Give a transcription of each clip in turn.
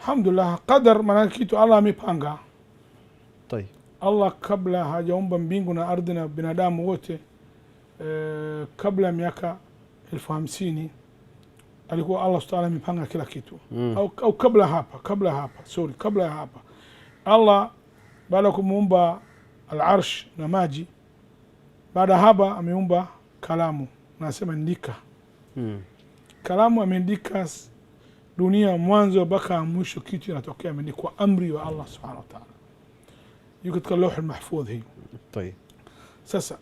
Alhamdulillah, qadar maanake kitu Allah amepanga. Tayeb, Allah kabla hajaumba mbingu na ardhi na binadamu wote e, kabla ya miaka elfu hamsini alikuwa Allah subhanahu ta'ala amepanga kila kitu mm. au, au kabla hapa kabla hapa sorry, kabla ya hapa Allah baada ya kumuumba al-arsh na maji, baada ya hapa ameumba kalamu, nasema ndika mm. kalamu ameandika dunia mwanzo mpaka mwisho kitu kinatokea ni kwa amri wa Allah subhanahu wa ta'ala, yuko katika lauhi mahfuz hii. Tayeb, sasa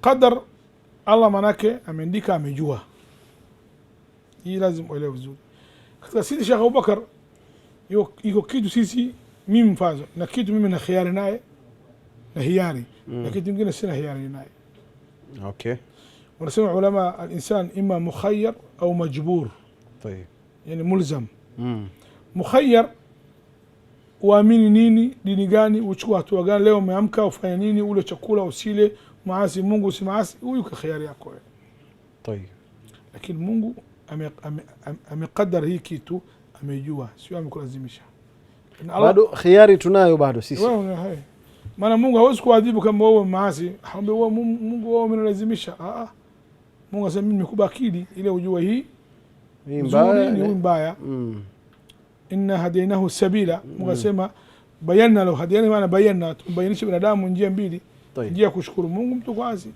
qadar Allah manake ameandika, amejua. Hii lazima uelewe vizuri. Katika sisi Sheikh Abubakar yuko kitu sisi mimi mfazo na kitu mimi na khiari naye na hiari mm. na kitu kingine sina hiari naye okay. Wanasema ulama al-insan imma mukhayyar au majbur. Tayeb yani mulzam mm. mukhayyar uamini nini, dini gani, uchukua hatua gani, leo umeamka ufanya nini, ule chakula usile, maasi Mungu usimaasi, huyu kwa khiari yako wewe tayeb. Lakini Mungu ameqadar ame, ame hii kitu amejua, sio amekulazimisha. Bado khiari tunayo bado sisi, maana Mungu hawezi kuadhibu kama wewe maasi, haombe wewe Mungu wewe umenilazimisha. Ah, ah. Mungu asema mimi nimekupa akili ile ujue hii nzuri ni huyu mbaya mm. inna hadainahu sabila Mungu mm. lahu maana binadamu njia mbili njia ya kushukuru Mungu mtu kwazi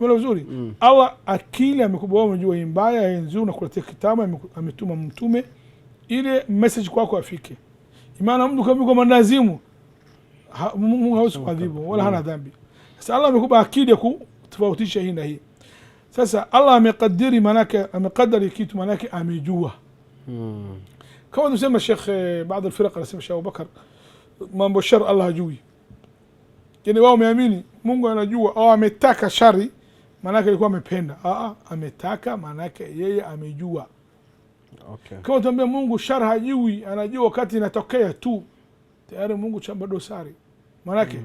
vizuri mm. Allah akili amekupa wewe unajua hii mbaya nzuri nakuletea kitabu ametuma mtume ile message kwako afike imana mtu kama kwa mandazimu ha, Mungu hawezi kuadhibu wala hana mm. dhambi sasa Allah amekupa akili ya kutofautisha hii na hii ساسا الله مقدري مناك مقدري كيت مناك امي جوا كما نسمى الشيخ آه، بعض الفرق اللي اسمها بكر ما بشر الله جوي يعني واو ميميني مونغو انا جوا او امتاكا شاري مناك يكون مبين اه اه امتاكا مناك يي امي جوا اوكي كما تنبيه مونغو شر هجوي انا جوا كاتي نتوكيه تو تيار مونغو شامبردو ساري مناك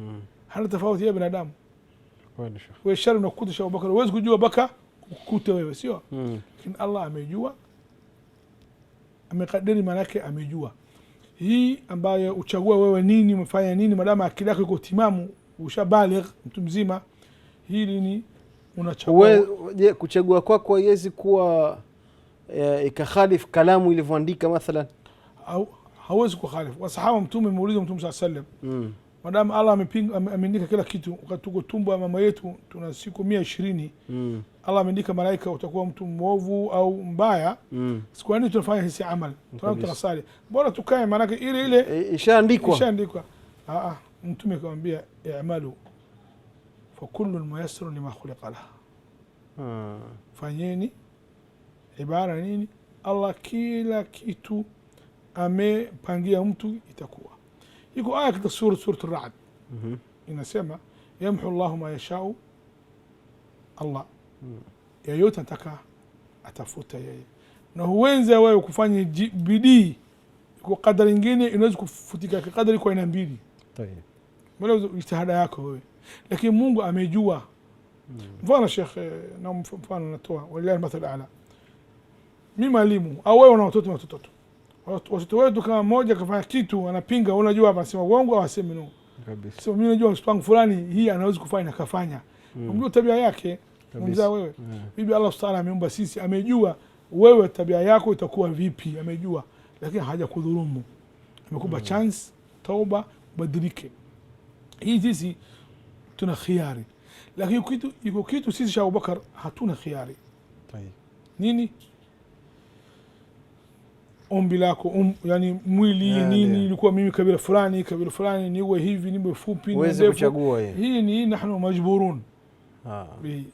هل تفاوت يا ابن ادم kweli wewe shari unakukuta Sheikh Abubakar, huwezi kujua mpaka ukute wewe, sio hmm. lakini hmm. Allah amejua amekadiri, maanake amejua hii ambayo uchagua wewe nini umefanya nini, maadamu akili yako iko timamu, ushabaligh mtu mzima, hili ni unachagua. Kuchagua kwako haiwezi kuwa e, ikakhalifu kalamu ilivyoandika mathalan, hauwezi kukhalifu. Wasahaba Mtume, meuliza Mtume saa sallam hmm madamu Allah ameandika kila kitu, wakati tuko tumbo ya mama yetu tuna siku mia ishirini mm. Allah ameandika malaika, utakuwa mtu mwovu au mbaya mm. siku ya tunafanya hisi amali, tunasali, bora tukae, maanake ile ile ishaandikwa, ishaandikwa. Ah, ah. Mtume akamwambia i'malu fa kullun muyassarun lima khuliqa lah hmm. Fanyeni ibara nini, Allah kila kitu amepangia mtu itakuwa يقول آية كده سورة سورة الرعد إن سما يمحو الله ما يشاء الله يا يوتا تكا أتفوت يا يا نهو وين زي وي كفاني بدي يقول قدر إنجيني إنوز كفوتيكا كقدر يكو إنان بدي طيب ملوز يجتهد آياك هو لكن مونغو أمي جوا فانا شيخ نوم فانا نتوها والله المثل الأعلى مين ما ليمو أوي ونوتوتو نوتوتو watoto wetu, kama mmoja kafanya kitu anapinga, unajua hapa anasema uongo au asemi no kabisa. So mimi najua mtoto wangu fulani hii anaweza kufanya akafanya, mm. unajua tabia yake mzaa wewe yeah. Mm. Bibi Allah subhanahu ameumba sisi, amejua wewe tabia yako itakuwa vipi, amejua lakini hajakudhulumu, amekupa mm. chance, tauba, badilike. Hii sisi tuna khiari, lakini kitu iko kitu sisi cha Abubakar hatuna khiari. Tayyib. Nini? ombi lako um, yani mwili yeah, nini yeah. Ilikuwa mimi kabila fulani kabila fulani niwe hivi niwe fupi niwe ndefu, hii ni nahnu majburun ah.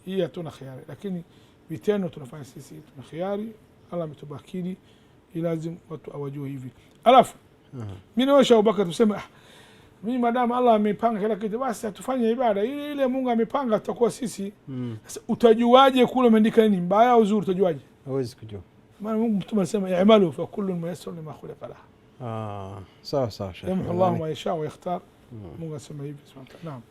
Hii hatuna khiari, lakini vitendo tunafanya sisi, tuna khiari. Allah ametubakidi, ilazim watu awajue hivi. Alafu ah. mi naosha ubaka tuseme, ah, mimi madamu Allah amepanga kila kitu, basi atufanye ibada ile ile Mungu amepanga, tutakuwa sisi. Hmm. Sasa mm. Utajuaje kule umeandika nini mbaya au zuri? Utajuaje? hawezi kujua. يعملوا فكل ميسر لما خلق له اه صح صح يمحو الله يعني ما يشاء ويختار مو قسم نعم